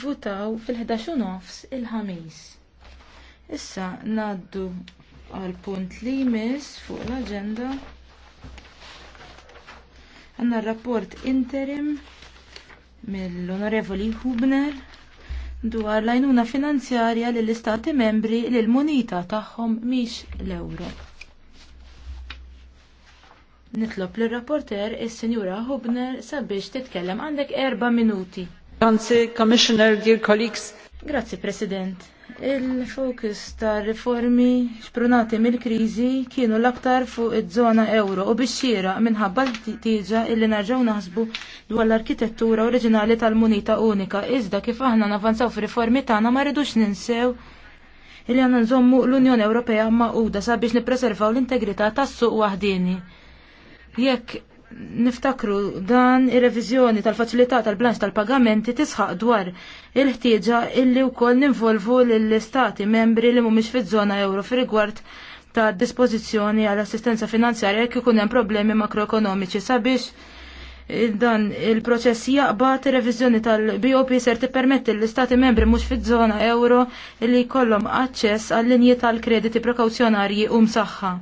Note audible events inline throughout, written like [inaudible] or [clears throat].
Votaw fil-11 nofs il-ħamis. Issa naddu għal punt li jmiss fuq l-agenda. Għanna rapport interim mill-Onorevoli Hubner dwar lajnuna finanzjarja li l-Istati membri li l-munita tagħhom miex l-euro. Nitlob l-rapporter is-Sinjura Hubner sabiex titkellem għandek erba' minuti. Commissioner, dear colleagues. Grazie, President. Il-fokus ta' riformi xprunati mill-krizi kienu l-aktar fuq iż-żona euro u biex xira minħabba l-tieġa illi narġaw naħsbu dwar l-arkitettura oriġinali tal-munita unika. Iżda kif aħna navanzaw fi riformi tagħna ma rridux ninsew illi għandna nżommu l-Unjoni Ewropea maquda sabiex nippreservaw l-integrità tas-suq waħdini. Jekk niftakru dan ir-reviżjoni tal-faċilità tal-blanċ tal-pagamenti tisħaq dwar il-ħtieġa illi wkoll ninvolvu lill-istati membri li mhumiex fiż-żona euro fi rigward ta' dispożizzjoni għall assistenza finanzjarja jekk ikun hemm problemi makroekonomiċi sabiex dan il-proċess jaqbad ir-reviżjoni tal-BOP ser tippermetti l-istati membri mhux fiż-żona euro li jkollhom aċċess għal linji tal-krediti prekawzjonarji u um msaħħa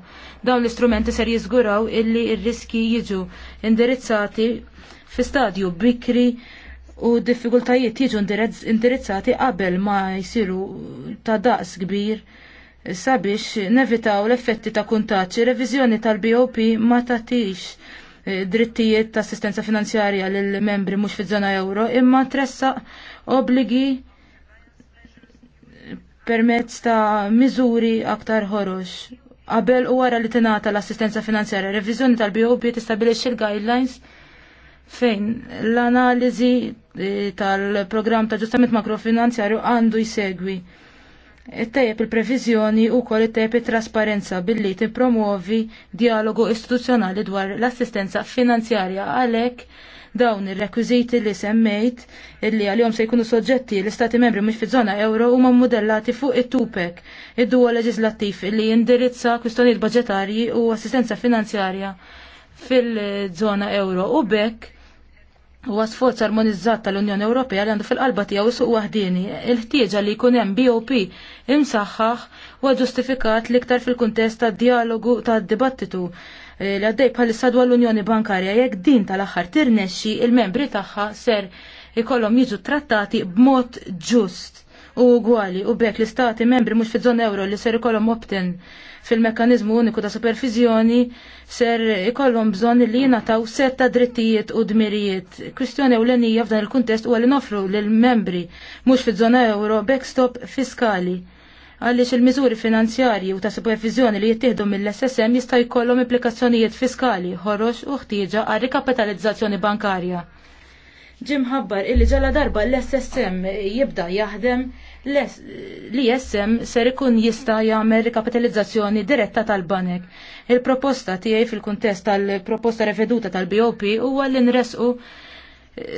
Dawn l-istrumenti ser jiżguraw illi r-riski jiġu indirizzati fi stadju bikri u diffikultajiet jiġu indirizzati qabel ma jsiru ta' daqs kbir sabiex nevitaw l-effetti ta' kuntaċ, reviżjoni tal-BOP ma tatix eh, drittijiet ta' assistenza finanzjarja lill membri mhux fi zona euro, imma tressaq obbligi permezz ta' miżuri aktar ħorox qabel u wara li tingħata l-assistenza finanzjarja. Reviżjoni tal-BOB tistabilixxi l-guidelines fejn l-analiżi eh, tal-programm ta' ġustament makrofinanzjarju għandu jsegwi. Ittejjeb il-previżjoni u kol ittejjeb il trasparenza billi tippromuovi dialogu istituzzjonali dwar l-assistenza finanzjarja għalhekk Dawn ir-rekwiżiti li semmejt illi għal għal-jom se jkunu soġġetti l-Istati membri mux fi żona euro huma mmudellati fuq it-tupek id-duwa leġislattiv illi jindirizza kwistjonijiet budgetarji u assistenza finanzjarja fil-żona euro u bekk huwa sforz armonizzat tal-Unjoni Ewropea li għandu fil-qalba tiegħu suq waħdini, il-ħtieġa li jkun hemm BOP imsaħħaħ huwa ġustifikat l-iktar fil-kuntest tad-dialogu tad-dibattitu Eh, li għaddej bħalissa dwar l-Unjoni Bankarja jekk din tal-aħħar tirnexxi il-membri tagħha ser ikollhom jiġu trattati b'mod ġust u gwali u bekk l-istati membri mhux fiż-żona euro li ser ikollhom opt-in fil-mekkaniżmu uniku ta' supervizjoni ser ikollhom bżonn li jingħataw set ta' drittijiet u dmirijiet. Kwistjoni ewlenija f'dan il-kuntest huwa li nofru lill membri mhux fiż-żona euro backstop fiskali għaliex il-miżuri finanzjarji u ta' supervizjoni li jittieħdu mill-SSM jista' jkollhom implikazzjonijiet fiskali, ħorox u ħtieġa għal rikapitalizzazzjoni bankarja. Ġim ħabbar illi ġala darba l-SSM jibda jaħdem l-ISM ser ikun jista jagħmel rikapitalizzazzjoni diretta tal-banek. Il-proposta tiegħi fil-kuntest tal-proposta reveduta tal-BOP huwa l-inresqu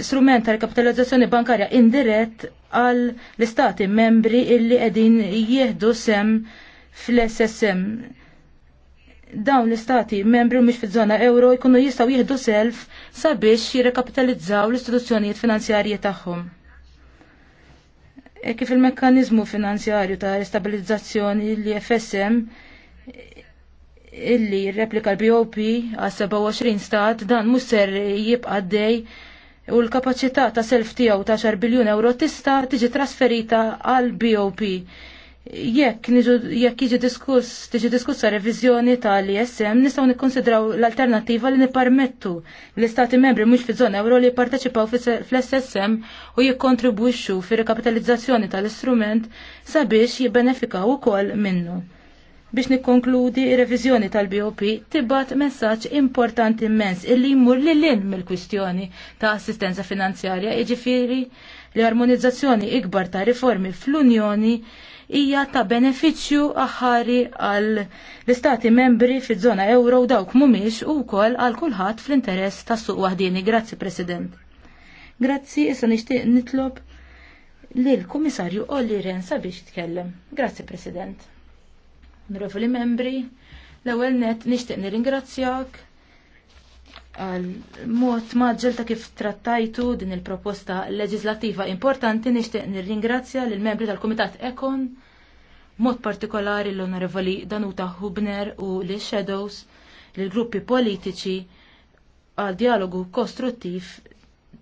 strument tal-kapitalizzazzjoni bankarja indirett għal l-istati membri illi qegħdin jieħdu sem fl-SSM. Dawn l-istati membri mhux fiż-żona euro jkunu jistgħu jieħdu self sabiex jirrekapitalizzaw l-istituzzjonijiet finanzjarji tagħhom. E kif il-mekkanizmu finanzjarju ta' restabilizzazzjoni li FSM illi replika l-BOP għal 27 stat dan musser jibqa' dej u l-kapacità ta' self tiegħu ta' 10 biljun euro tista' tiġi trasferita għal BOP. Jekk jekk jiġi diskuss tiġi diskussa reviżjoni tal-ISM nistgħu nikkonsidraw l-alternattiva li nippermettu l-istati membri mhux fi żona euro li jipparteċipaw fl-SSM u jikkontribwixxu fir rikapitalizzazzjoni tal-istrument sabiex jibbenefikaw ukoll minnu. Biex nikkonkludi ir-reviżjoni tal-BOP tibbat messaġġ importanti immens illi jmur lil in mill-kwistjoni ta' assistenza finanzjarja jiġifieri li armonizzazzjoni ikbar ta' riformi fl-Unjoni hija ta' benefiċċju aħari għal l-istati membri fi żona euro u dawk mhumiex u kol għal kulħadd fl-interess tas-suq waħdini. Grazzi President. Grazzi, issa nixtieq nitlob lil kummissarju Olli Ren sabiex jitkellem. Grazzi President onorevoli membri, l-ewwel net nixtieq nirringrazzjak għal mod maġġel ta' kif trattajtu din il-proposta leġislattiva importanti nixtieq nirringrazzja lil membri tal-Kumitat Ekon mod partikolari l-onorevoli Danuta Hubner u li shadows lil gruppi politiċi għal dialogu kostruttiv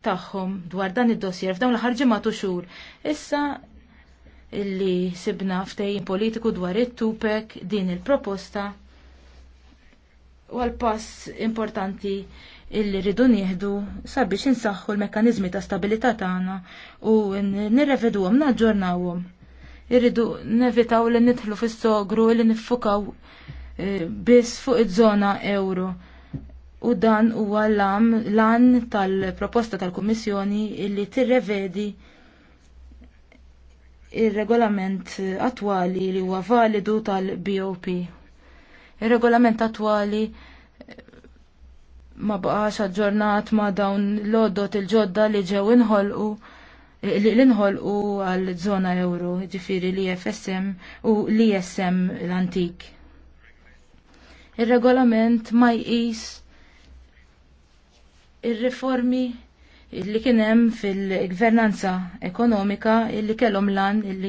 tagħhom dwar dan id-dossier f'dawn l-ħarġimatu xhur. Issa illi sibna ftejn politiku dwar it-tupek din il-proposta u għal-pass importanti illi rridu nieħdu sabiex insaħħu l-mekkanizmi ta' stabilità tagħna u nirrevedhom naġġornawhom. Irridu nevitaw li nidħlu fis-sogru li niffukaw e, biss fuq iż-żona euro. U dan huwa l għan tal-proposta tal-Kummissjoni illi tirrevedi il-regolament attwali li huwa validu tal-BOP. Il-regolament attwali ma baqax aġġornat ma dawn l-oddot il-ġodda li ġew inħolqu l-inħolqu għal żona euro, ġifiri li FSM u l-ISM l-antik. Il-regolament ma jqis il-reformi regolament ma jqis ir riformi Illi kien hemm fil-gvernanza ekonomika illi kellhom lan illi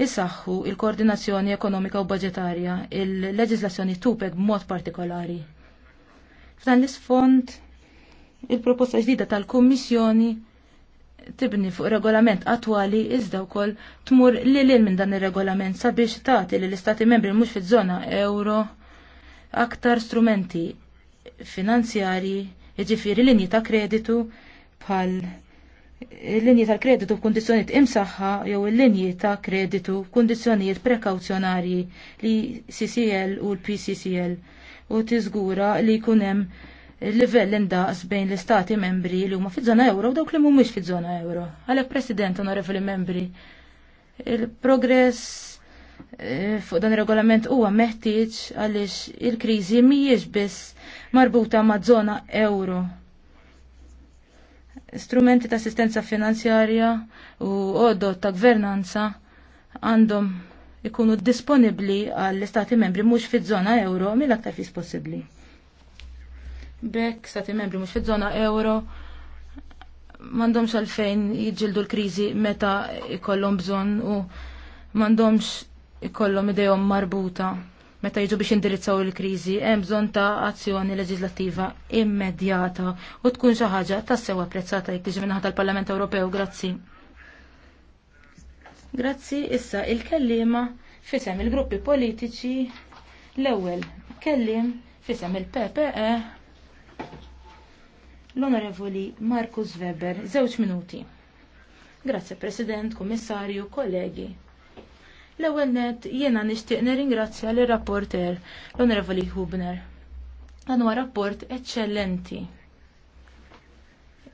jisaxħu il-koordinazzjoni ekonomika u budġetarja, il-leġislazzjoni tupek b'mod partikolari. F'dan l-isfond, il-proposta ġdida tal-Kummissjoni tibni fuq regolament attwali iżda wkoll tmur li lil minn dan ir-regolament sabiex tagħti li l-istati membri mhux fiż-żona euro aktar strumenti finanzjarji jiġifieri linji ta' kreditu bħal il-linji tal-kreditu f'kundizzjonijiet imsaħħa jew il-linji ta' kreditu f'kundizzjonijiet prekawzjonarji li CCL u l-PCCL u tiżgura li jkun hemm livell indaqs bejn l-istati membri li huma fiż-żona euro u dawk li mhumiex fiż-żona euro. Għalhekk President onorevoli membri, il-progress eh, fuq dan ir-regolament huwa meħtieġ għaliex il-kriżi mhijiex biss marbuta ma' żona euro strumenti ta' assistenza finanzjarja u għoddot ta' gvernanza għandhom ikunu disponibli għall-istati membri mhux fiż-żona euro mill-aktar fis possibbli. Bekk stati membri mhux fiż-żona euro m'għandhomx għalfejn jiġġieldu l-kriżi meta ikollom bżonn u m'għandhomx ikollhom idejhom marbuta meta jiġu biex indirizzaw il-kriżi hemm bżonn ta' azzjoni leġislattiva immedjata u tkun xi ħaġa tassew apprezzata jekk tiġi minnaħa tal-Parlament Ewropew. Grazzi. Grazzi issa il-kellima fisem il-gruppi politiċi l-ewwel kellim fisem il-PPE l-Onorevoli Markus Weber, żewġ minuti. Grazie President, Kummissarju, kollegi. L-ewwel net jiena nixtieq nirringrazzja lir rapporter l-Onorevoli Hubner. Dan huwa rapport eċċellenti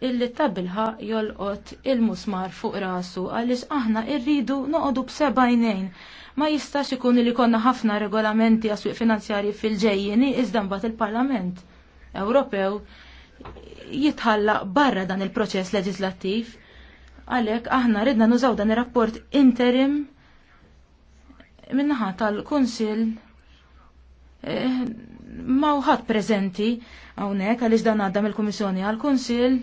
illi tabilħa jolqot il-musmar fuq rasu għaliex aħna rridu noqogħdu b'sebajnejn ma jistax ikun li konna ħafna regolamenti għaswiq finanzjari fil-ġejjeni iżda mbagħad il-Parlament Ewropew jitħallaq barra dan il-proċess leġislattiv. Għalhekk aħna ridna nużaw dan ir-rapport interim minnaħa tal-Kunsil eh, ma uħat prezenti għawnek għal dan għadda mill-Komissjoni għal-Kunsil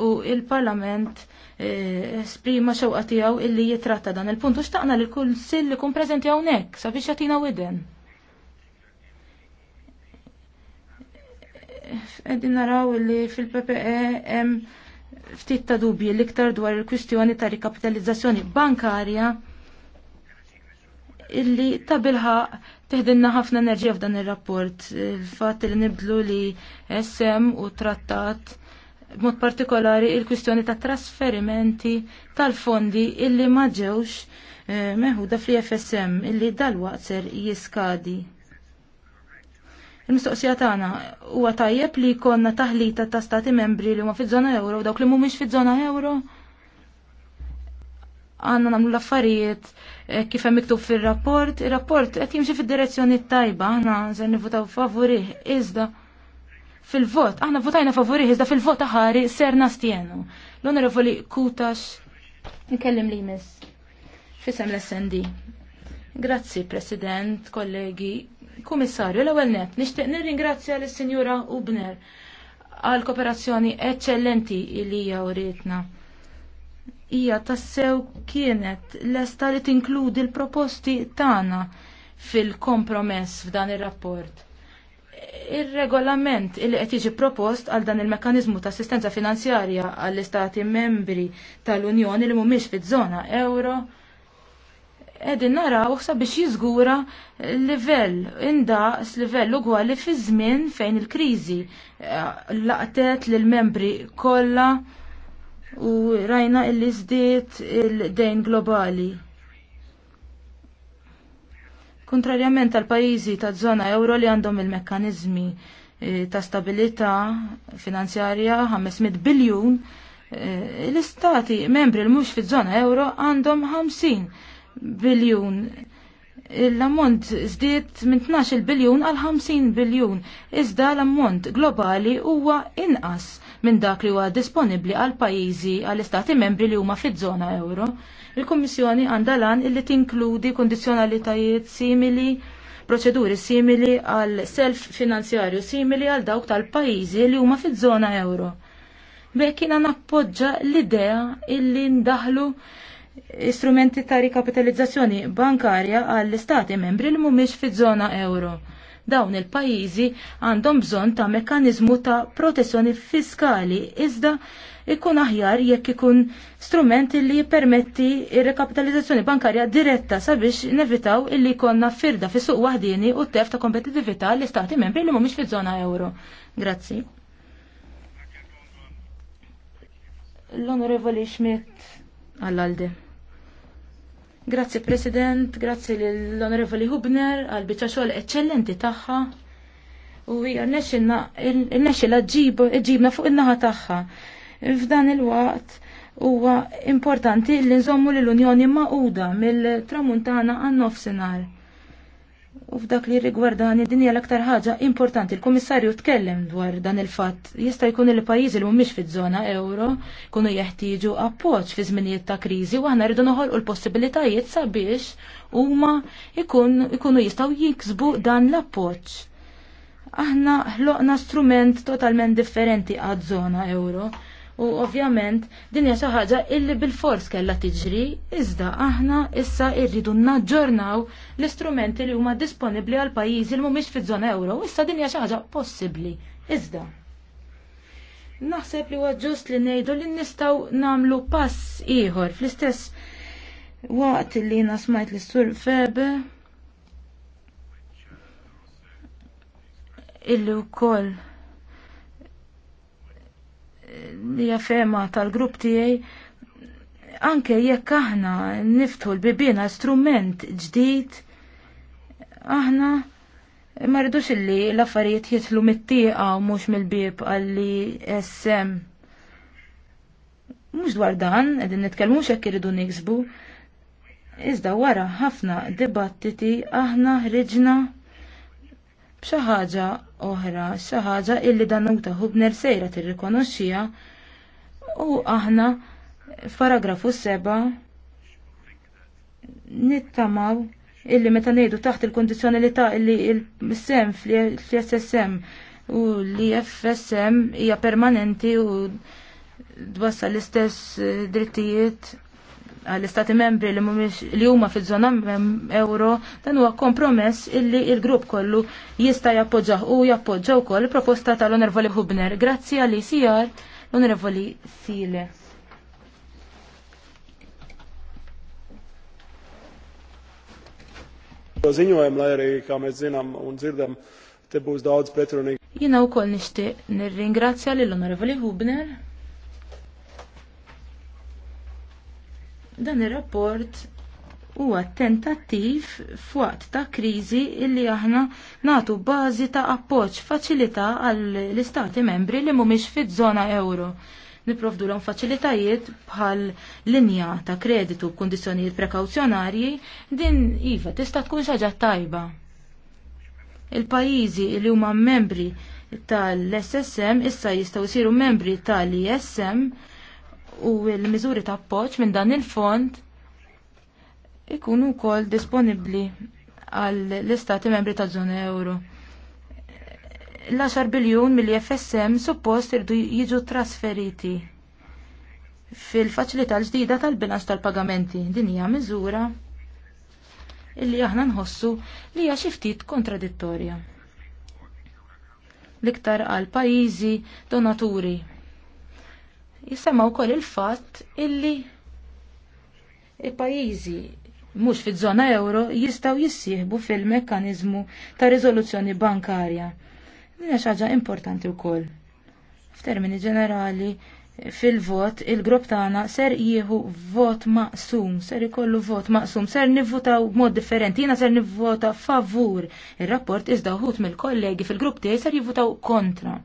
u il-Parlament eh, esprima xewqa tiegħu illi jitratta dan il-punt u xtaqna li l-Kunsil li kun prezenti għawnek sabiex jatina widen. Għedin naraw li fil-PPE ftit ta' dubji l-iktar dwar il-kwistjoni ta' rikapitalizzazzjoni bankarja illi tabilħa teħdinna ħafna enerġija f'dan ir-rapport. Il-fatt li nibdlu li SM u trattat b'mod partikolari il-kwistjoni ta' trasferimenti tal-fondi illi ma ġewx eh, meħuda fl-FSM illi dal-waqt ser jiskadi. Il-mistoqsija tagħna huwa tajjeb li jkollna taħlita ta' stati membri li huma fiż-żona euro u dawk li mhumiex fiż-żona euro għandna nagħmlu l-affarijiet Eh, kif hemm miktub fir-rapport, ir-rapport qed jimxi fid-direzzjoni tajba, aħna se nivvutaw favorih iżda fil-vot, aħna votajna favurih iżda fil-vot aħari ser nastienu. L-Onorevoli Kutax nkellim li jmiss. Fisem l-SND. Grazzi, President, kollegi, Kummissarju, l-ewwel net, nixtieq nirringrazzja lis-Sinjura Ubner għal kooperazzjoni eċċellenti li hija uritna hija tassew kienet lesta li tinkludi l-proposti tagħna fil-kompromess f'dan ir-rapport. Ir-regolament il qed jiġi propost għal dan il mekanizmu ta' assistenza finanzjarja għall-istati membri tal-Unjoni li mhumiex fiż-żona euro nara uħsa biex jizgura livell, indaqs livell ugwali fi żmien fejn il-kriżi eh, laqtet lil membri kollha u rajna illi żdiet il-dejn globali. Kontrarjament għal pajjiżi ta' żona euro li għandhom il-mekkanizmi eh, ta' stabilità finanzjarja 500 biljun, eh, l-istati membri l-mux fi żona euro għandhom 50 biljun l-ammont zdiet minn 12 biljun għal 50 biljun, iżda l-ammont globali huwa inqas minn dak li huwa disponibbli għal pajjiżi għall istati membri li huma fiż-żona euro. Il-Kummissjoni għandha lan illi tinkludi kondizzjonalitajiet simili proċeduri simili għal self finanzjarju simili għal dawk tal-pajjiżi li huma fiż-żona euro. Bekk jiena nappoġġa l-idea illi ndaħlu istrumenti ta' rikapitalizzazzjoni bankarja għall istati membri li mhumiex fiż-żona euro. Dawn il-pajjiżi għandhom bżonn ta' mekanizmu ta' protezzjoni fiskali iżda ikun aħjar jekk ikun strument li jippermetti il rekapitalizzazzjoni bankarja diretta sabiex nevitaw illi jkollna firda fis suq wahdini u tef ta' kompetitività li stati membri li mhumiex fi zona euro. Grazzi. L-Onorevoli Schmidt għall-Alde. Grazzi President, grazzi l-Onorevoli Hubner għal biċċa xogħol eċċellenti tagħha. U hija rnexxilha ġib ġibna fuq in-naħa tagħha. F'dan il-waqt huwa importanti li nżommu lill unjoni maquda mill-tramuntana għan-nofsinhar. U f'dak li rigwardani id-dinja l-aktar ħaġa importanti. Il-Kummissarju tkellem dwar dan il-fatt. Jista' jkun il-pajjiżi li mhumiex fiż-żona euro kunu jeħtieġu appoġġ fi żminijiet ta' kriżi u aħna rridu noħolqu l-possibilitajiet sabiex huma ikunu jistgħu jiksbu dan l-appoġġ. Aħna ħloqna strument totalment differenti għad żona euro U ovvjament din hija xi ħaġa illi bil-fors kellha tiġri, iżda aħna issa rridu naġġornaw l-istrumenti li huma disponibbli għal pajjiżi li mhumiex fiż-żona euro, issa din hija xi ħaġa possibbli. Iżda naħseb li huwa ġust li ngħidu li nistgħu nagħmlu pass ieħor fl-istess waqt li jiena smajt sur febe illi wkoll li fema tal-grupp tiegħi anke jekk aħna niftu l-bibina strument ġdid, aħna ma rridux illi l-affarijiet jitlu mit-tieqa u mhux mill-bib għalli SM. Mhux dwar dan, qegħdin nitkellmu hekk iridu niksbu. Iżda wara ħafna dibattiti aħna ħriġna b'xi ħaġa oħra, xi ħaġa illi Danuta Hubner sejra tirrikonoxxija u aħna f'paragrafu seba' nittamaw illi meta ngħidu taħt il-kondizzjonalità illi l sem fl-SSM u li FSM hija permanenti u dwassal l-istess drittijiet għall-istati membri li, li huma fi żona euro dan huwa kompromess illi il-grupp kollu jista' jappoġġaħ u jappoġġa wkoll proposta tal onervoli Hubner. Grazzi għal ICR l Sile. Ziņojumu, lai arī, kā mēs zinām un dzirdam, te būs daudz pretrunīgi. Jina u koll nishtiq nirringrazzja l-Onorevoli Hubner. Dan ir-rapport huwa tentattiv fuqt ta' kriżi illi aħna natu bażi ta' appoġġ faċilità għall istati membri li mhumiex fiż-żona euro. Niprofdu l faċilitajiet bħal linja ta' kreditu b'kundizzjonijiet prekawzjonarji din iva tista' tkun xaġa ħaġa tajba. Il-pajjiżi li huma membri tal-SSM issa jistgħu jsiru membri tal-ISM u l-miżuri ta' appoġġ minn dan il-fond ikunu wkoll disponibbli għall istati membri ta' żona euro. L-10 biljun mill-FSM suppost irdu jiġu trasferiti fil-faċilità l-ġdida tal-bilanċ tal-pagamenti. Din hija miżura illi aħna nħossu li hija xi ftit kontradittorja. L-iktar għal pajjiżi donaturi jisema wkoll il-fatt illi il-pajjiżi mhux fiż-żona euro jistgħu jissieħbu fil-mekkaniżmu ta' riżoluzzjoni bankarja. Din xaġa ħaġa importanti wkoll. F'termini ġenerali, fil-vot il-grupp tagħna ser jieħu vot maqsum, ser ikollu vot maqsum, ser nivvotaw b'mod differenti, jiena ser nivvota favur ir-rapport iżda wħud mill-kollegi fil-grupp tiegħi ser jivvotaw kontra.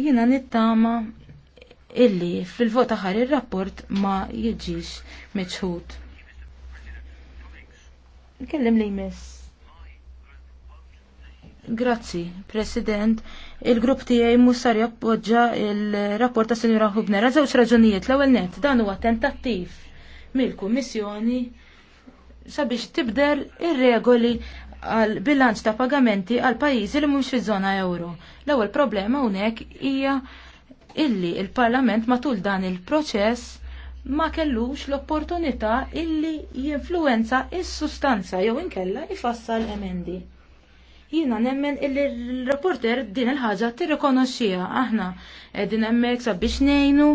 Jiena nittama illi fil-vot aħar ir-rapport ma jiġix meċħut. Kellim li jmess. Grazzi, President. Il-grupp tiegħi musar jappoġġa il-rapport ta' Senjura Hubner. Żewġ raġunijiet. L-ewwel nett, dan huwa tentattiv mill-Kummissjoni sabiex tibdel ir-regoli għal bilanċ ta' pagamenti għal pajjiżi li mhumiex fiż-żona euro. L-ewwel problema hawnhekk hija illi il-Parlament matul dan il-proċess ma kellux l-opportunità illi jinfluenza is-sustanza jew inkella ifassal emendi. Jiena nemmen illi l-reporter din il-ħaġa tirrikonoxxija aħna qegħdin hemmhekk sabiex ngħinu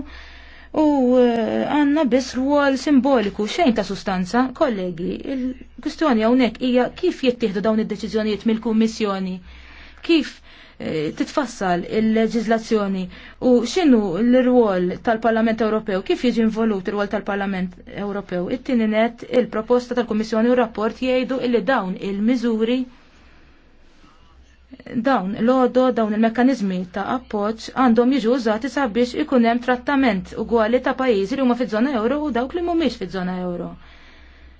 u eh, għanna biss rwol simboliku xejn ta' sustanza, kollegi, il-kustjoni hawnhekk hija kif jittieħdu dawn id-deċiżjonijiet mill-Kummissjoni, kif eh, titfassal il-leġizlazzjoni u xinu l-rwol tal-Parlament Ewropew, kif jiġi involut il rwol tal-Parlament Ewropew. It-tieni il-proposta tal-Kummissjoni u rapport jgħidu li dawn il-miżuri il il miżuri dawn l-odo, dawn il mekkaniżmi ta' appoġġ għandhom jiġu użati sabiex ikun hemm trattament ugwali ta' pajjiżi li huma fiż-żona euro u dawk li mhumiex fiż-żona euro.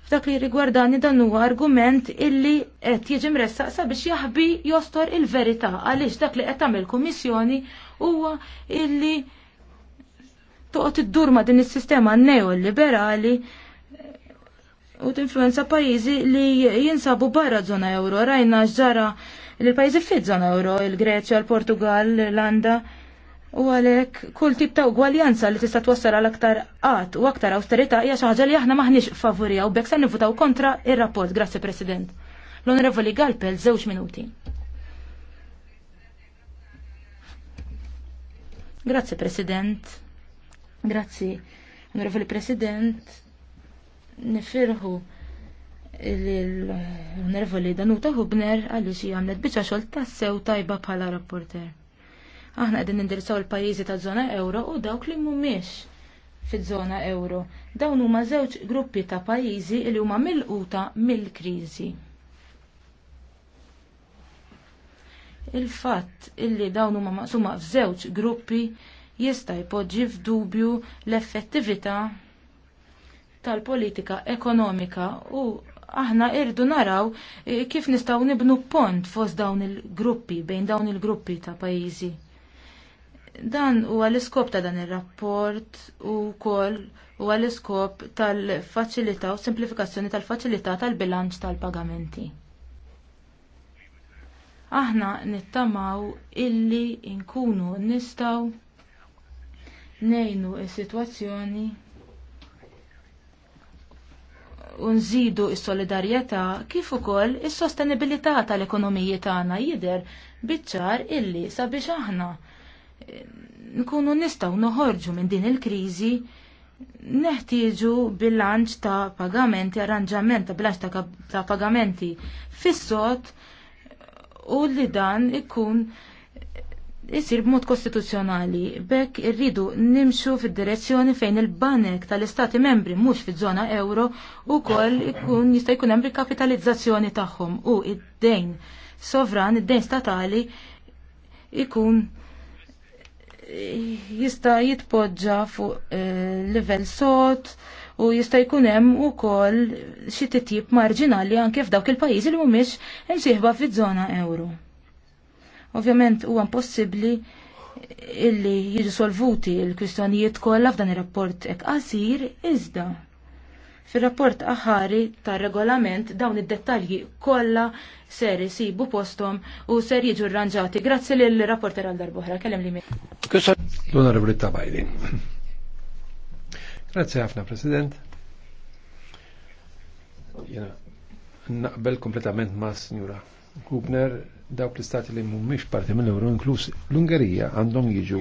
F'dak li rigwardani dan huwa argument illi qed jiġi mressaq sabiex jaħbi jostor il-verità għaliex dak li qed tagħmel kummissjoni huwa illi toqgħod iddur ma' din is-sistema neoliberali liberali u tinfluenza pajjiżi li jinsabu barra żona euro. Rajna ġara li l-pajjiżi fit zona euro, il-Greċja, l-Portugal, l-Irlanda. U għalek, kull tip ta' ugwaljanza li tista' twassal għal aktar għat u aktar austerita hija xi ħaġa li aħna maħniex favorija u bekk se nivutaw kontra ir-rapport. Grazzi President. L-Onorevoli Galpel, żewġ minuti. Grazzi President. Grazzi, Onorevoli President nifirħu l-nervu li Danuta Hubner għaliex xie għamlet bieċa xogħol tassew tajba bħala rapporter. Aħna qegħdin nindirizzaw il-pajjiżi taż-żona euro u dawk li mhumiex fiż-żona euro. Dawn huma żewġ gruppi ta' pajjiżi li huma milquta mill-kriżi. Il-fatt illi dawn huma maqsuma f'żewġ gruppi jista' jpoġġi f'dubju l-effettività tal-politika ekonomika u aħna irdu naraw eh, kif nistaw nibnu pont fost dawn il-gruppi, bejn dawn il-gruppi ta' pajizi. Dan u għal-iskop ta' dan il-rapport u kol u għal-iskop tal-facilita u simplifikazzjoni tal-facilita tal-bilanċ tal-pagamenti. Aħna nittamaw illi inkunu nistaw nejnu is-sitwazzjoni u nżidu s-solidarjetà kif ukoll is-sostenibilità tal-ekonomiji tagħna jidher biċ-ċar illi sabiex aħna eh, nkunu nistgħu noħorġu minn din il-kriżi neħtieġu bilanċ ta' pagamenti, arranġament ta' bilanċ ta', ta pagamenti fis-sod u li dan ikun isir b'mod kostituzzjonali. Bekk irridu nimxu fid-direzzjoni fejn il-banek tal-istati membri mhux fiż-żona euro u koll ikun jista' jkun hemm rikapitalizzazzjoni tagħhom u id-dejn sovran, id-dejn statali ikun jista' jitpoġġa fuq level eh, livell sot u jista' jkun hemm ukoll xi titjib marġinali anke f'dawk il-pajjiżi li mhumiex imsieħba fiż-żona euro. Ovvjament huwa impossibbli illi jiġu solvuti l-kwistjonijiet kollha f'dan ir-rapport hekk qasir iżda. Fir-rapport aħari tar-regolament dawn id-dettalji kollha ser isibu posthom u ser jiġu rranġati. Grazzi lill rapporter għal darbohra, kellem li L-Onorevoli Tabajdi. Grazzi ħafna, President. Jena, naqbel kompletament ma' Signora Hubner dawk l-istati li mhumiex parti mill-Euro inkluż l-Ungerija għandhom jiġu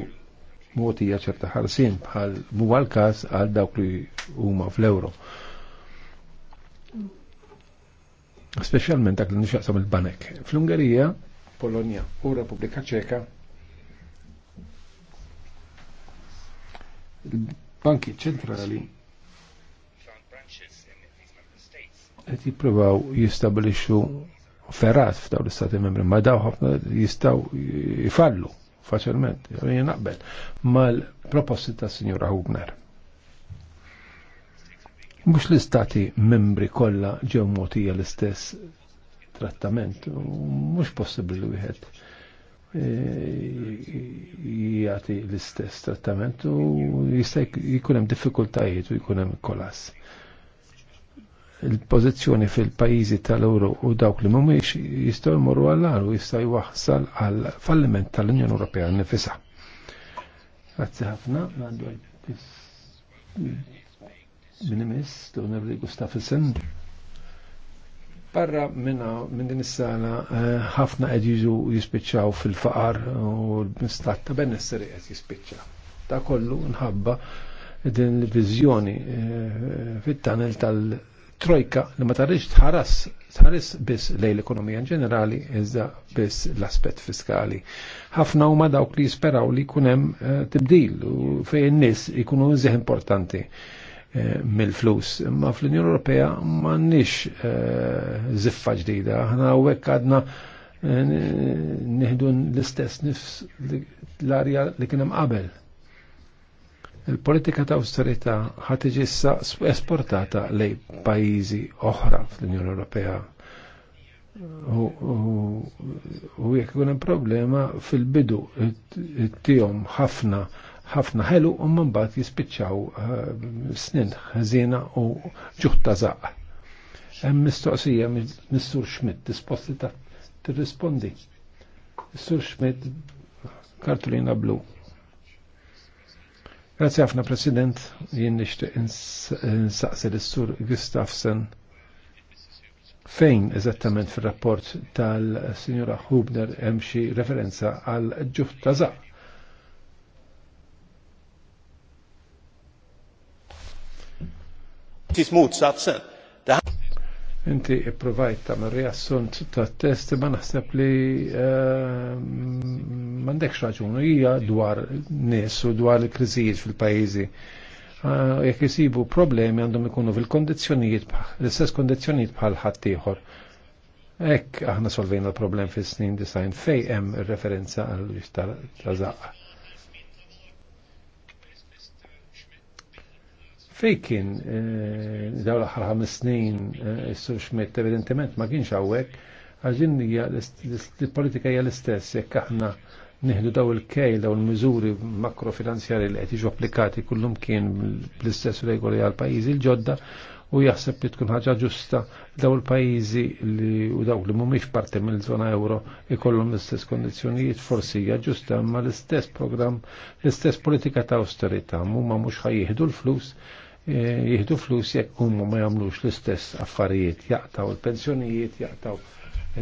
mogħtija ċerta ħarsien bħal huwa l-każ għal dawk li huma fl-Euro. Speċjalment dak li nixaqsam il-banek. Fl-Ungerija, Polonia u Repubblika Ċeka il-banki ċentrali qed jippruvaw jistabilixxu Ferrat f'daw l-istati membri, ma daw ħafna jistaw jifallu faċilment, jgħin naqbel, mal-proposti ta' Signora Hubner. Mux l-istati membri kolla ġew motija l-istess trattament, mux possibli li wieħed e, jgħati l-istess trattament u jista' jkun hemm diffikultajiet u jkun hemm kolass il-pozizjoni fil-pajizi tal-Euro u dawk li mumiex jistgħu jmorru għall u jista' jwaħsal għal falliment tal-Unjoni Ewropea nifisa. Grazzi ħafna, għandu minimis, donevri Gustafsson. Barra minna minn din is-sala eh, ħafna qed jiġu jispiċċaw fil-faqar u l-istat ta' benesseri qed jispiċċa. Ta' kollu nħabba din l-viżjoni eh, fit-tanel tal- trojka li ma tarriġ tħaras tħares biss lej l-ekonomija ġenerali iżda biss l-aspett fiskali. Ħafna huma dawk li jisperaw li jkun hemm tibdil u fejn in-nies ikunu iżeh importanti mill-flus. Ma fl-Unjoni Ewropea m'għandniex ziffa ġdida, aħna hawnhekk għadna nieħdu l-istess nifs l-arja li kien hemm qabel il-politika ta' austerità ħat tiġi esportata lej pajjiżi oħra fl-Unjoni Ewropea. U jekk ikun hemm problema fil-bidu tihom ħafna ħafna ħelu u minn mbagħad jispiċċaw eh, snin ħażina u ta' zaq. Hemm mistoqsija mis-Sur Schmidt disposti ta' tirrispondi. Sur Schmidt kartulina blu. Grazie għafna, President, jien nishtiq nsaqsi l-Sur Gustafsson fejn eżattament fir-rapport tal signora Hubner hemm xi referenza għal ġuħ ta' żaq. Precis Inti provajt tam riassunt ta' test ma naħseb li mandekx ehm, raġun hija dwar nies u dwar il-kriżijiet fil-pajjiżi. Ah, jekk isibu problemi għandhom ikunu fil-kondizzjonijiet l-istess kondizzjonijiet bħal ħaddieħor. Ekk aħna solvejna l-problem fis snin design fej hemm referenza għal ta' zaqqa. Fej kien eh, daw l-aħħar ħames snin eh, s-sur Schmidt evidentement ma kienx għawek, għaxin l-politika hija l-istess jekk aħna nieħdu daw il-kej daw il-miżuri makrofinanzjari li qed jiġu applikati kullum kien bl-istess regoli għal pajjiżi l-ġodda u jaħseb li tkun ħaġa ġusta daw il-pajjiżi li u daw li mhumiex parti mill-żona euro ikollhom l-istess kondizzjonijiet forsi hija ġusta ma l-istess programm l-istess politika ta' austerità huma mhux ħajjieħdu l-flus jihdu flus jekk huma ma jagħmlux l-istess affarijiet, jaqtaw il-pensjonijiet, jaqtaw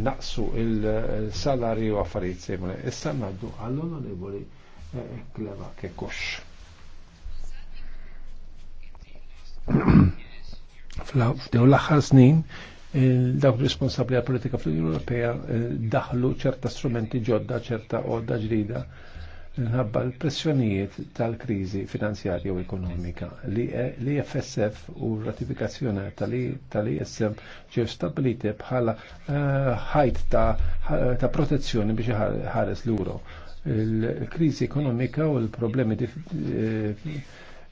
naqsu il-salari u affarijiet simili. Issa ngħaddu għall-onorevoli eh, Kleva Kekox. [clears throat] F'dew l-aħħar snin dawk responsabbli għal politika fl-Unjoni Ewropea eh, daħlu ċerta strumenti ġodda, ċerta għodda ġdida minħabba l-pressjonijiet tal-krizi finanzjarja u ekonomika li FSF u ratifikazzjoni tal-ISM ġew stabilite bħala eh, ħajt ta' protezzjoni biex ħares l-euro. Il-krizi ekonomika u l-problemi eh,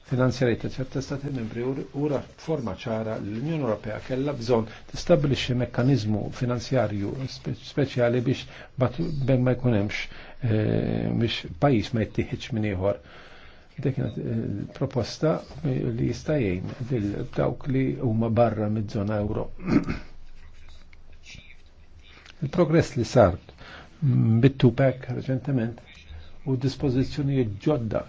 finanzjarji ta' ċerta stati membri u forma ċara l-Unjoni Ewropea kellha bżonn tistabilixxi mekkaniżmu finanzjarju speċjali biex bem ma jkun hemmx Eh, biex pajis ma jittiħiċ minn ieħor. Dik eh, proposta li jista' jgħin dawk li huma barra mid zona euro. Il-progress li sar bit-tupek reċentement u dispozizjoni ġodda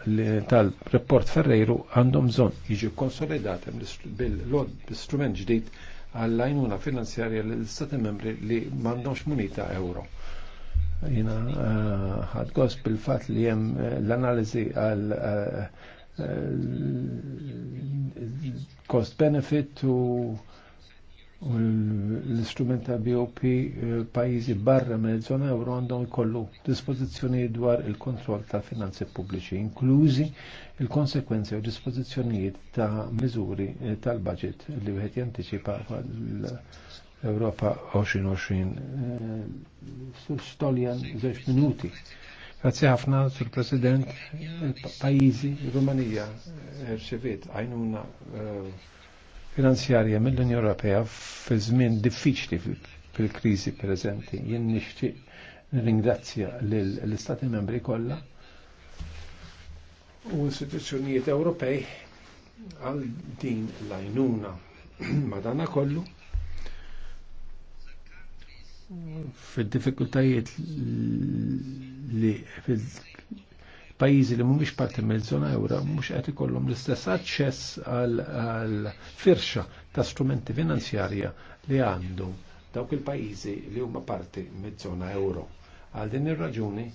tal-report Ferreiru għandhom bżonn jiġu konsolidati bil-strument ġdid għall-għajnuna finanzjarja l istati membri li m'għandhomx munita euro. Jina eh, ħad gost bil-fat li jem eh, l-analizi għal eh, cost benefit u l-istrument ta' BOP pajizi barra minn zona euro għandhom jkollu dispozizjoni dwar il-kontroll ta' finanzi pubbliċi, inklużi il-konsekwenzi u dispożizzjonijiet ta' mizuri tal-budget li wieħed jantiċipa Europa 2020. Eh, sur Stoljan, zeċ minuti. Grazie ħafna, sur President, pajizi, Rumanija, eh, rċevit għajnuna eh, finanzjarja mill-Unjoni Ewropea fi żmien diffiċli fil-kriżi prezenti. Jien nixtieq ringrazzja l-Istati membri kollha u l istituzzjonijiet Ewropej għal din l-għajnuna. [clears throat] Madana kollu, fil-difikultajiet li fil-pajizi li mumiex parti mill-zona euro mux għet ikollhom l-istess aċċess għal firxa ta' strumenti finanzjarja li għandu dawk il-pajizi li huma parti mill-zona euro. Għal din ir-raġuni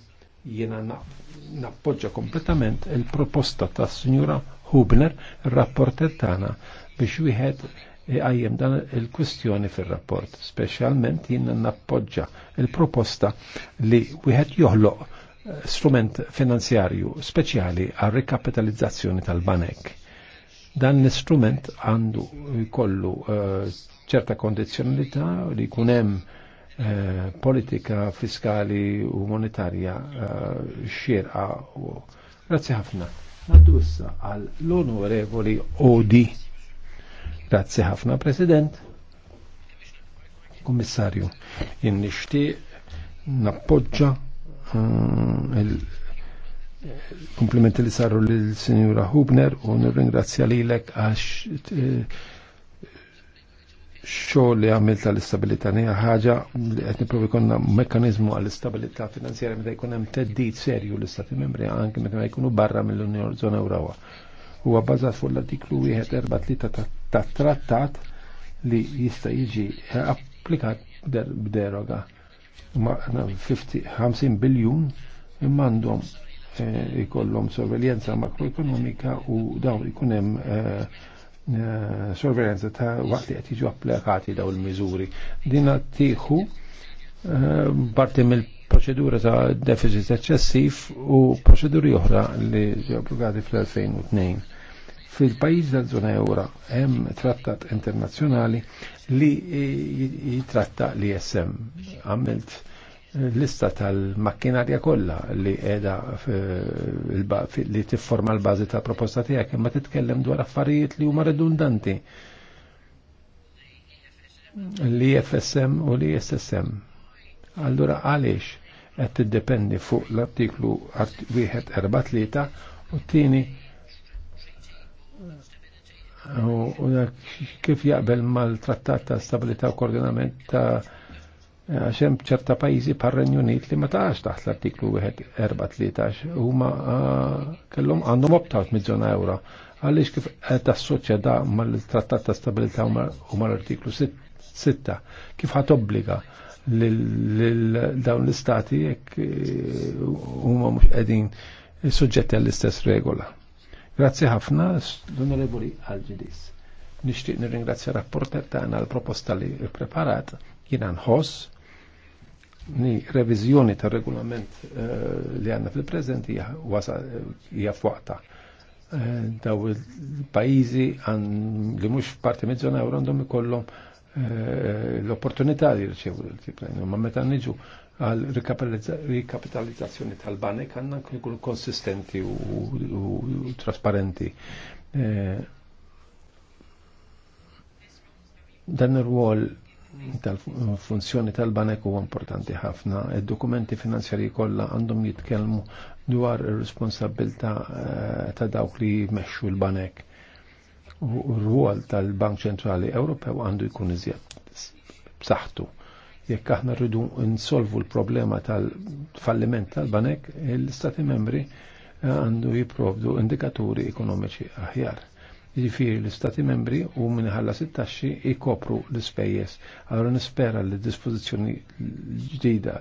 jiena nappoġġa kompletament il-proposta ta' Sinjura Hubner, il-rapporter tagħna biex wieħed għajjem dan il-kwistjoni fil-rapport, specialment jinnan nappoġġa il-proposta li wieħed joħloq eh, strument finanzjarju speċjali għal rekapitalizzazzjoni tal-banek. Dan l-istrument għandu jkollu eh, ċerta uh, kondizjonalità li kunem uh, eh, politika fiskali u monetarja uh, xirqa u grazzi ħafna. Għaddu issa għal l-onorevoli Odi. Grazzi ħafna, President. Kommissarju, jinn nixtieq nappoġġa mm, komplimenti li saru l-Sinjura Hubner u nirringrazzja l-ek għax eh, xo li għamilt għal-istabilita nija ħagġa li għetni provi konna mekanizmu għal-istabilita finanzjera meta jkun hemm teddid serju l-Istati Membri għanki meta jkunu barra mill-Unjoni Zona Ewropa. Huwa bbażat fuq l-artiklu 143 ta' ta' trattat li jista' jiġi applikat b'deroga. Ma 50 biljun m'għandhom eh, ikollhom sorveljenza makroekonomika u dawn ikun hemm eh, eh, sorveljenza ta' waqt li qed jiġu applikati dawn il-miżuri. Din tieħu parti mill-proċedura ta' deficit eċċessiv u proċeduri oħra li ġew applikati fl-2002 Fil-pajjiż ta' żona ewra hemm trattat internazzjonali li jitratta li jessem. Għamilt eh, lista tal-makkinarja kollha li qiegħda li tifforma l-bażi tal proposta tiegħek imma titkellem dwar affarijiet li huma redundanti li FSM u li SSM. Allura għaliex qed tiddependi fuq l-artiklu 143 u t-tieni u kif jaqbel mal-trattat ta' stabilità u koordinament ta' għaxem ċerta pajizi par-Renju Unit li ma taħx taħt l-artiklu 1.4.13 u ma kellhom għandhom opt-out mid-żona euro għaliex kif qed da mal-trattat ta' stabilità u mal-artiklu 6 kif għat obbliga dawn l-istati jekk eh, huma mux qegħdin suġġetti għall-istess regola. Grazie ħafna, l-Onorevoli Algidis. Nishtiq nirringrazzja rapporter ta' għana l-proposta li preparat jina nħos ni revizjoni ta' regolament li għanna fil prezent hija fwaqta eh, daw il-pajizi għan li mux parti mezzona għandhom ikollom eh, l-opportunità li rċevu l-tiplajn. Ma metan niġu għal rikapitalizzazzjoni tal-banek għanna nkunu konsistenti u trasparenti. Eh, dan ir-rwol tal-funzjoni tal-banek huwa importanti ħafna. Id-dokumenti finanzjari kollha għandhom jitkellmu dwar ir-responsabilità eh, ta' dawk li jmexxu l-banek. U r-rwol tal-Bank Ċentrali Ewropew għandu jkun iżjed b'saħħtu Jekk aħna rridu nsolvu l-problema tal-falliment tal-banek, l-Stati membri eh, għandu jiprovdu indikaturi ekonomiċi aħjar. Ġifiri l-Stati membri u minħalla sit-taxxi ikopru l-ispejjeż. Allora nispera li dispożizzjoni ġdida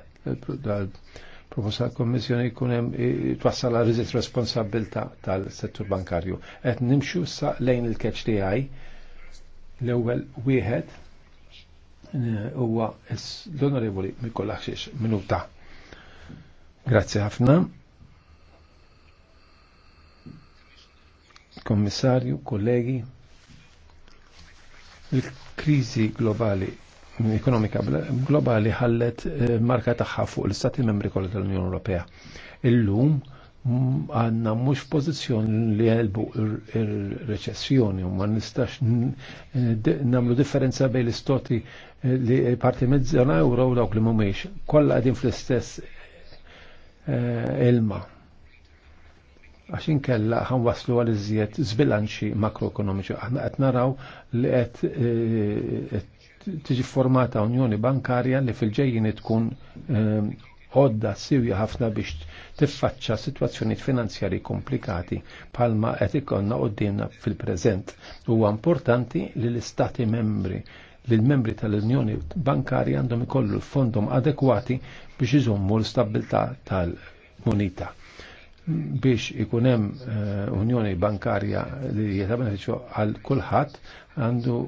proposta l-Kommissjoni jkun hemm eh, twassal la riżit responsabilità tal-settur bankarju. Qed nimxu sa lejn il-catch tiegħi l-ewwel wieħed Eh, huwa l-onorevoli Mikola Xiex minuta. Grazie ħafna. Kommissarju, kollegi, il-krizi globali ekonomika globali ħallet eh, marka tagħha fuq l-Stati membri kollha tal-Unjoni Ewropea. Illum għanna mux pozizjon li għelbu il-reċessjoni u ma nistax eh, namlu differenza bej l-istoti eh, li eh, parti mezzana euro u dawk li mumiex. Kolla għadin fl-istess ilma. Għaxin kella għan waslu għal iżjed zbilanċi makroekonomiċi. Għanna għet naraw li għet tiġi formata unjoni bankarja li fil-ġejjini tkun Ħodda siwja ħafna biex tiffaċċa situazzjoni finanzjari komplikati palma qed ikonna qudiemna fil-preżent. Huwa importanti li l-istati membri li l-membri tal-Unjoni Bankarja għandhom ikollu fondom adekwati biex iżommu l-stabilità tal-munita biex ikunem uh, eh, unjoni bankarja li jetabeneficju għal kulħadd għandu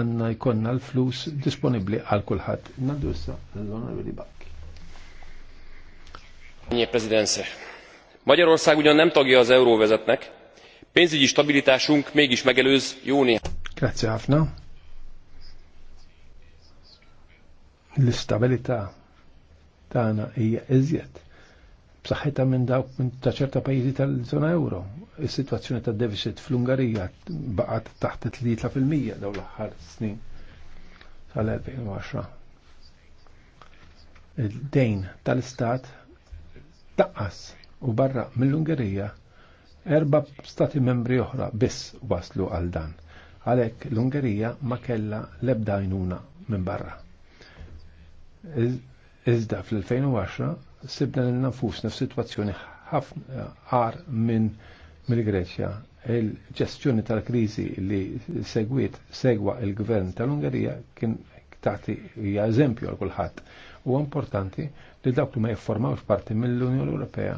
għanna jkonna l-flus disponibli għal kulħadd. Naddu issa l-onorevoli Bak. Magyarország ugyan nem tagja az euróvezetnek, pénzügyi stabilitásunk mégis megelőz jó néhány. Grazie L-istabilità tagħna hija iżjed b'saħħitha minn dawk minn ta' ċerta pajjiżi tal-żona euro. Is-sitwazzjoni tad deficit fl-Ungarija baqgħet taħt it fil-mija dawn l-aħħar snin tal-2010. id dejn tal-istat daqqas u barra mill-Ungerija erba stati membri oħra biss waslu għal dan. Għalek l-Ungerija ma kella lebda jnuna minn barra. Iżda fl-2010 sibna l-nafus nef situazzjoni ħafna għar minn mill-Greċja il-ġestjoni tal-krizi li segwit segwa il-gvern tal-Ungerija kien tagħti eżempju għal kulħadd U importanti li dawk li ma jifformawx parti mill-Unjoni Ewropea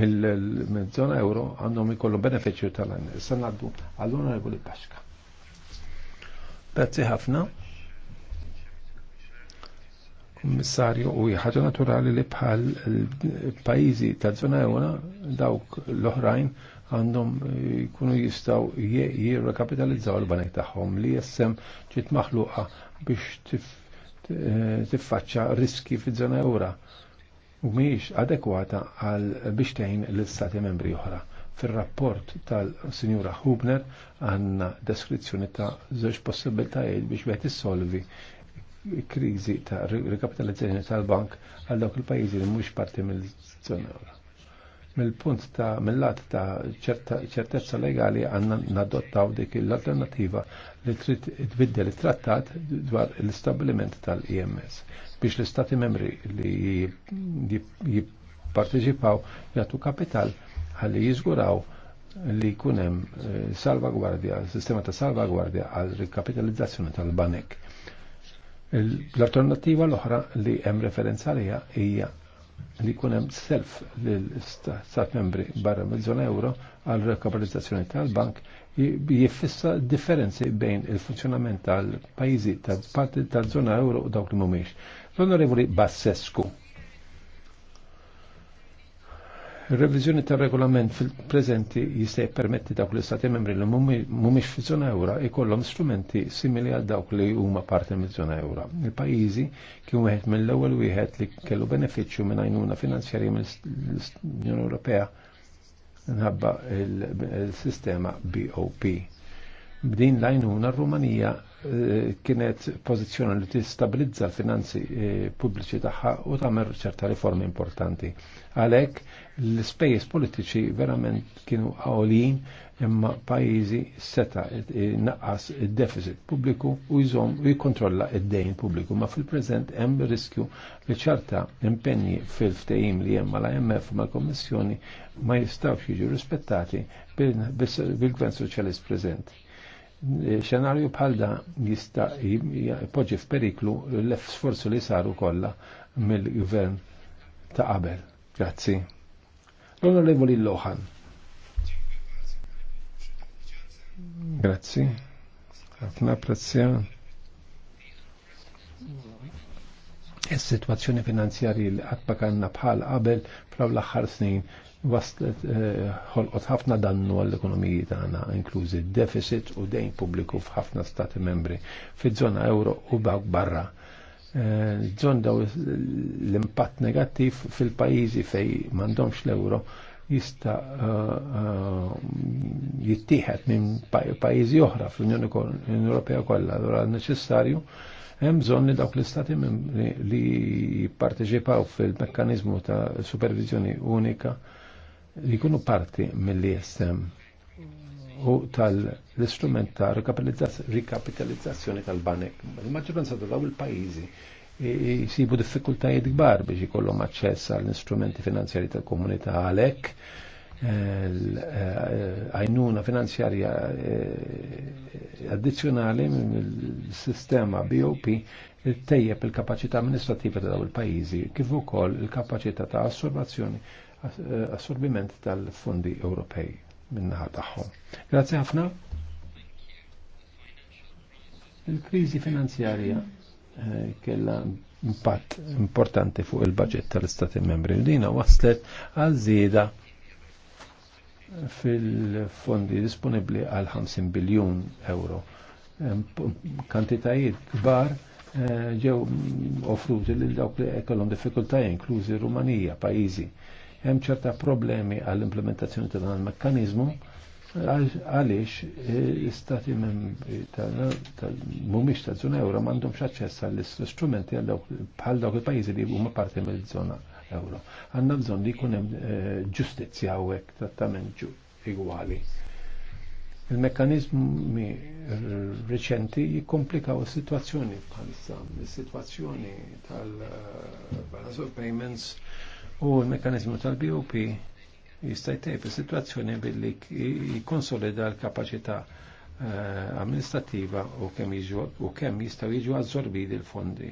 mill-zona euro għandhom ikollu beneficju tal-għan. Sanaddu għall-onorevoli Paxka. Grazzi ħafna. Kummissarju u ħaġa naturali li bħal pajizi ta' zona euro dawk l-oħrajn għandhom jkunu jistaw jirrekapitalizzaw l-banek tagħhom li jessem ġiet maħluqa biex tif tiffaċċa riski fiż-żona ewra u mhijiex adekwata għal biex tgħin l-istati membri oħra. Fir-rapport tal-Sinjura Hubner għandna deskrizzjoni ta' żewġ possibiltajiet biex wieħed issolvi kriżi ta' rikapitalizzazzjoni tal-bank għal dawk il-pajjiżi li mhux parti mill-żona ewra mill-punt ta' mill-lat ta' ċertezza legali għanna nadottaw dik l-alternativa li trid tbiddel it-trattat dwar l-istabbiliment tal-EMS biex l-istati membri li jipparteċipaw jagħtu kapital ħalli jiżguraw li jkun hemm eh, salvagwardja, sistema ta' salvagwardja għal rikapitalizzazzjoni tal-banek. L-alternattiva l-oħra li hemm referenza għalija hija li jkun hemm self lill stat membri barra mill-żona euro għal rekapitalizzazzjoni tal-bank jiffissa differenzi bejn il-funzjonament tal-pajjiżi tal-parti tal zona euro u dawk li mhumiex. L-Onorevoli Bassescu. Il-revizjoni tal-regolament fil-prezenti jista' permetti dawk li stati membri li mumiex fi żona ewra ikollhom strumenti simili għal dawk li huma parti mill-zona ewra. Il-pajjiżi kien wieħed mill-ewwel wieħed li kellu benefiċċju minn għajnuna finanzjarja mill-Unjoni Ewropea nħabba il-sistema BOP. B'din lajnuna r-Rumanija eh, kienet pozizjoni li tistabilizza finanzi eh, pubbliċi tagħha u tagħmel ċerta riformi importanti. Għalhekk l-ispejjeż politiċi verament kienu għolin imma pajizi seta naqqas il-deficit pubbliku u jizom u jikontrolla id-dejn pubbliku. Ma fil-prezent hemm riskju li ċerta impenji fil ftejim li hemm la IMF ma l-Kommissjoni ma jistawx jiġu rispettati bil-Gvern Soċjalist prezent. Xenarju bħal da jista' poġġi f'periklu l-sforzu li saru kollha mill-Gvern ta' qabel. Grazzi. L-Onorevoli Lohan. Grazzi. Għafna apprezzja Is-sitwazzjoni finanzjarji li qatt ma bħal qabel praw l-aħħar snin waslet eh, ħolqot ħafna dannu għall-ekonomiji tagħna, inklużi deficit u dejn pubbliku f'ħafna stati membri fiż-żona euro u bak barra. Eh, żon daw l-impatt negattiv fil-pajjiżi fej m'għandhomx l-euro jista eh, eh, jittieħed minn pajjiżi oħra fl-Unjoni Ewropea kollha, allura neċessarju hemm bżonn li dawk l-istati li jipparteċipaw fil-mekkaniżmu ta' supervizjoni unika li jkunu parti mill-ISM u tal-istrument ta' rikapitalizzazzjoni tal-banek. Il-maġġoranza ta' dawk il-pajjiżi jisibu diffikultajiet kbar biex ikollhom aċċess għall instrumenti finanzjari tal-komunità għalhekk eh, għajnuna finanzjarja eh, addizzjonali mill-sistema BOP tejjeb il-kapacità amministrativa ta' dawl il-pajjiżi kif ukoll il-kapacità ta' assorbazzjoni eh, assorbiment tal-fondi Ewropej minnaħa tagħhom. Grazzi ħafna. Il-kriżi finanzjarja kella impatt importanti fuq il-budget tal-Istati membri u dina waslet għal zida fil-fondi disponibli għal 50 biljun euro. Kantitajiet kbar eh, ġew offruti lil dawk li kellhom diffikultà inklużi Rumanija, pajjiżi. Hemm ċerta problemi għall-implementazzjoni ta' dan il-mekkaniżmu għaliex e, l-istati membri mumiex ta' zona euro mandomx aċċess għall-istrumenti bħal dawk il-pajjiżi li huma parti mill-zona euro. Għanna bżonn li jkun hemm e, u għek trattament igwali. Il-mekkanizmi reċenti jikkomplikaw is-sitwazzjoni bħalissa, is-sitwazzjoni tal-balance eh, of payments u l-mekkanizmu tal-BOP jista' jtejb is-sitwazzjoni billi jikkonsolida l-kapaċità eh, amministrativa u kemm jiġu u kemm jistgħu jiġu azzorbivi l-fondi.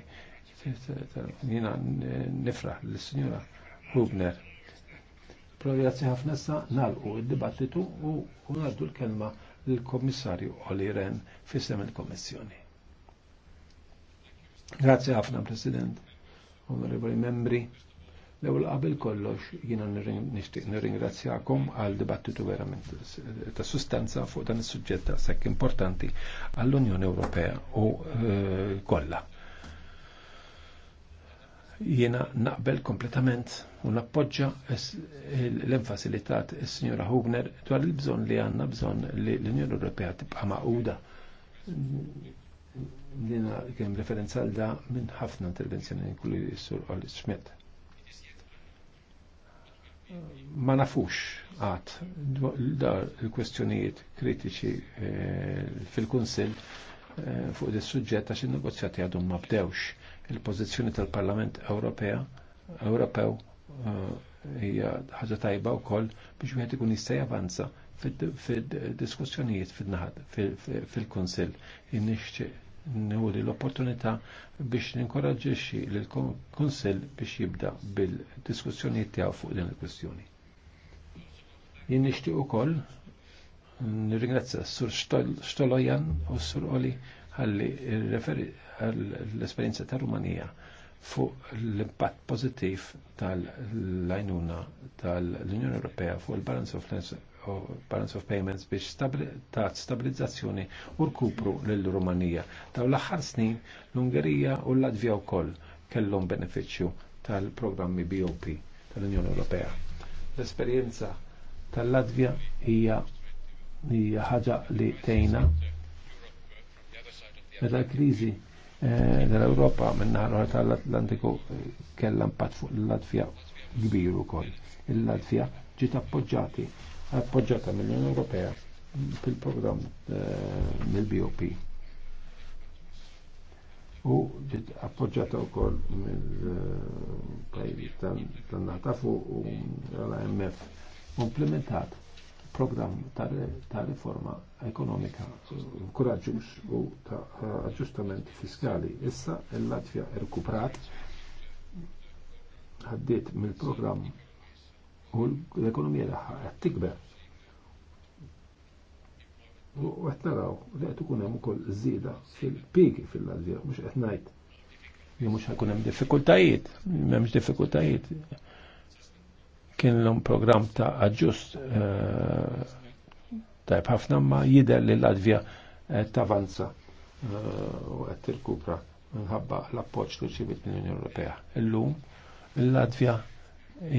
Jina nifra l-signora Hubner. Provjazzi ħafna sa nalqu id-dibattitu u ngħaddu l-kelma l-Kommissarju Oli Ren fissem il-Kommissjoni. Grazie ħafna President, onorevoli membri. L-ewwel qabel kollox jiena nixtieq nirringrazzjakom għal dibattitu verament ta' sustanza fuq dan is-suġġett ta' sekk importanti għall-Unjoni Ewropea u eh, kollha. Jiena naqbel kompletament u nappoġġa l-enfasi li tat is-Sinjora Hubner dwar il-bżonn li għandna bżonn li l-Unjoni Ewropea tibqa' maquda jiena kemm referenza għal da minn ħafna intervenzjoni kulli s-sur Schmidt ma nafux għat dar il-kwestjonijiet kritiċi eh, fil-Kunsil eh, fuq dis suġġett għax il-negozjati għadhom ma bdewx. Il-pożizzjoni tal-Parlament Ewropea Ewropew eh, hija ħaġa tajba wkoll biex wieħed ikun jista' javanza fid-diskussjonijiet fil-naħad fil-Kunsill. Innixtieq nħudi l-opportunità biex ninkoraġġixxi lill konsell biex jibda bil-diskussjonijiet tiegħu fuq din il-kwestjoni. Jien nixtieq ukoll nirringrazzja s-Sur Stolojan u s-Sur Oli ħalli l-esperjenza ta' Rumanija fuq l-impatt pozittiv tal-lajnuna tal-Unjoni Ewropea fuq il-Balance of balance of payments biex ta' stabilizzazzjoni u rkupru l-Rumanija. Taw l-aħħar snin l-Ungerija u l-Latvija wkoll kellhom benefiċċju tal-programmi BOP tal-Unjoni Ewropea. L-esperjenza tal latvija hija hija ħaġa li tejna meta l-kriżi Eh, l-Europa minn naħra tal-Atlantiku kellha impatt fuq il-Latvija kbir ukoll. Il-Latvija ġiet appoġġati, appoġġata mill-Unjoni Ewropea fil-programm eh, mill-BOP. U ġiet appoġġata wkoll mill-pajjiż eh, tan nata fuq u l-IMF komplementat program ta' reforma ekonomika, kuraġġux u ta' aġġustament fiskali. Issa il latvija irkuprat għaddiet mill-program u l-ekonomija tagħha qed tikber. U qed naraw li qed ikun hemm ukoll żieda fil-pigi fil latvija mhux qed ngħid li mhux ħajkun hemm diffikultajiet, m'hemmx diffikultajiet Kien l program ta' aġġust eh, ta' ħafna ma jider li l Latvija eh, tavanza eh, u għed il-kubra minħabba l-appoċ li ċivit mill-Unjoni Ewropea. Illum l latvja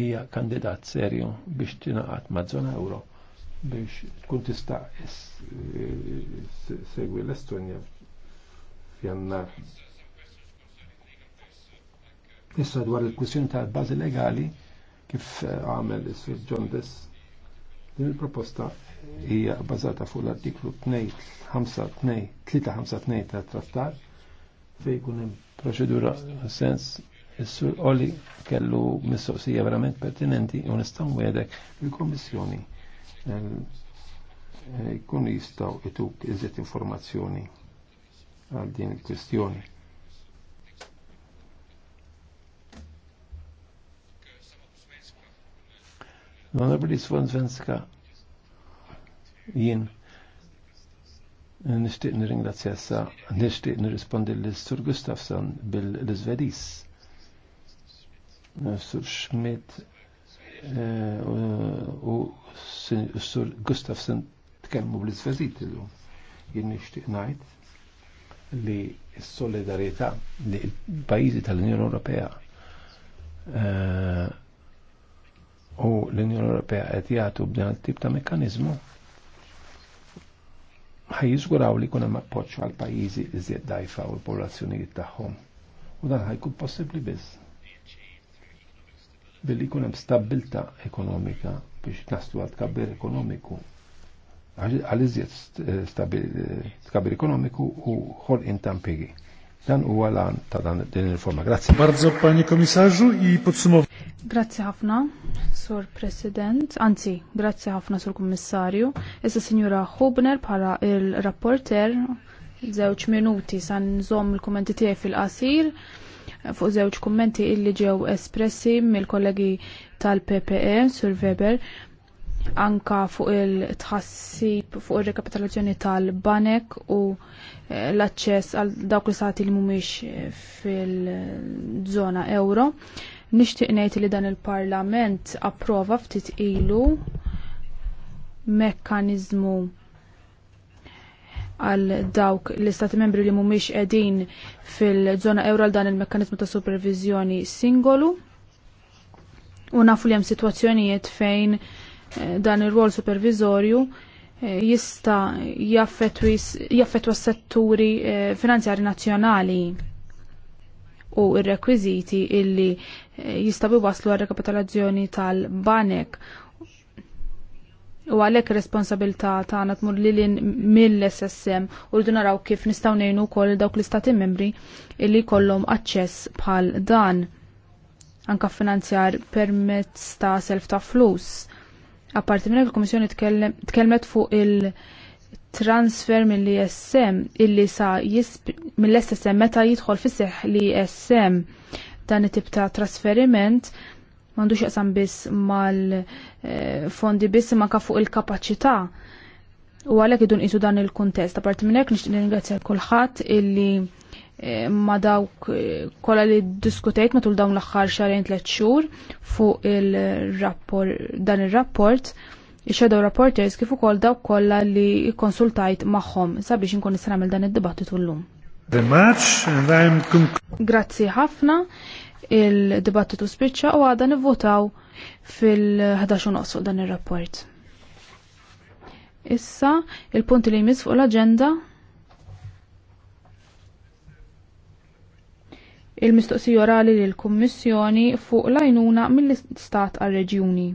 hija kandidat serju biex tinaqat ma' zona euro biex tkun tista' segwi l-Estonja f'jannar. Issa dwar il-kwissjoni tal bazi legali kif eh, għamel is-Sur John Dess. Din il-proposta hija bbażata fuq l-artiklu 352 tat trattar fejn kun hemm proċedura sens is-Sur Oli kellu mistoqsija verament pertinenti u nistgħu wiedek il-Kommissjoni eh, eh, jkunu jistgħu ituk iżjed informazzjoni għal din il-kwistjoni L-Onorabli Svonzvenska, jien nishtiq nirringrazzja sa, nishtiq nir-respondi l-Sur Gustafsson bil lizvedis eh, Sur Schmidt eh, u Sur Gustafsson tkellmu bl-Izvedit l-lum. Jien nishtiq najt li s-solidarieta li il pajizi tal-Unjoni Ewropea eh, u l-Unjoni Ewropea qed jagħtu b'dan it-tip ta' mekkaniżmu ħajjiżguraw li jkun hemm appoġġ għal pajjiżi iżjed dajfa u l-popolazzjonijiet tagħhom. U dan ħajkun possibbli biss. Billi jkun hemm stabbiltà ekonomika biex naslu għal tkabbir ekonomiku għal iżjed eh, eh, tkabbir ekonomiku u ħolqien tampigi. Dan huwa lan ta' dan din il-forma. Grazie. Bardzo pani komisarzu i podsumow. Grazie ħafna, Sur President, anzi, grazie ħafna Sur Kommissarju. Issa signora Hubner para il-rapporter żewġ minuti san nżomm il-kommenti tiegħi fil-qasir fuq żewġ kummenti illi ġew espressi mill-kollegi tal-PPE, Sur Weber, anka fuq il-tħassib fuq ir-rekapitalazzjoni tal-banek u eh, l-aċċess għal dawk l-istati li mhumiex eh, fil-żona euro. Nixtieq ngħid li dan il-Parlament approva ftit ilu mekkaniżmu għal dawk l-istati membri li mhumiex qegħdin fil-żona euro għal dan il-mekkaniżmu ta' supervizjoni singolu u nafu li hemm sitwazzjonijiet fejn Eh, dan ir-rol supervizorju eh, jista jaffetwa s-setturi eh, finanzjari nazzjonali u r-rekwiżiti illi jista' waslu għal rekapitalazzjoni tal-banek u għalek responsabilta tagħna tmur lilin mill-SSM u rridu naraw kif nistgħu ngħinu wkoll dawk l-istati membri illi jkollhom aċċess bħal dan anka finanzjar permezz ta' self ta' flus Apparti minn il-Komissjoni tkellmet fuq il-transfer mill-ISM illi sa mill-SSM meta jidħol fisseħ li SM dan it-tip ta' trasferiment m'għandux jaqsam biss mal-fondi biss ma' fuq il-kapaċità u għalhekk idun isu dan il-kuntest. Apparti minn hekk nixtieq ningrazzja kulħadd illi Eh, ma dawk eh, kolla li diskutejt matul dawn l-axħar xarajn tliet xhur fuq il dan ir-rapport il shadow reporters kif ukoll dawk kollha li konsultajt magħhom sabiex inkun nista' dan id-dibattitu llum. Grazzi ħafna il-dibattitu spiċċa u għada nivvotaw fil-11 nofs fuq dan ir-rapport. Issa, il-punt li jmiss fuq l-agenda il-mistoqsija orali lill-Kummissjoni fuq l-għajnuna mill-Istat għal-Reġjuni.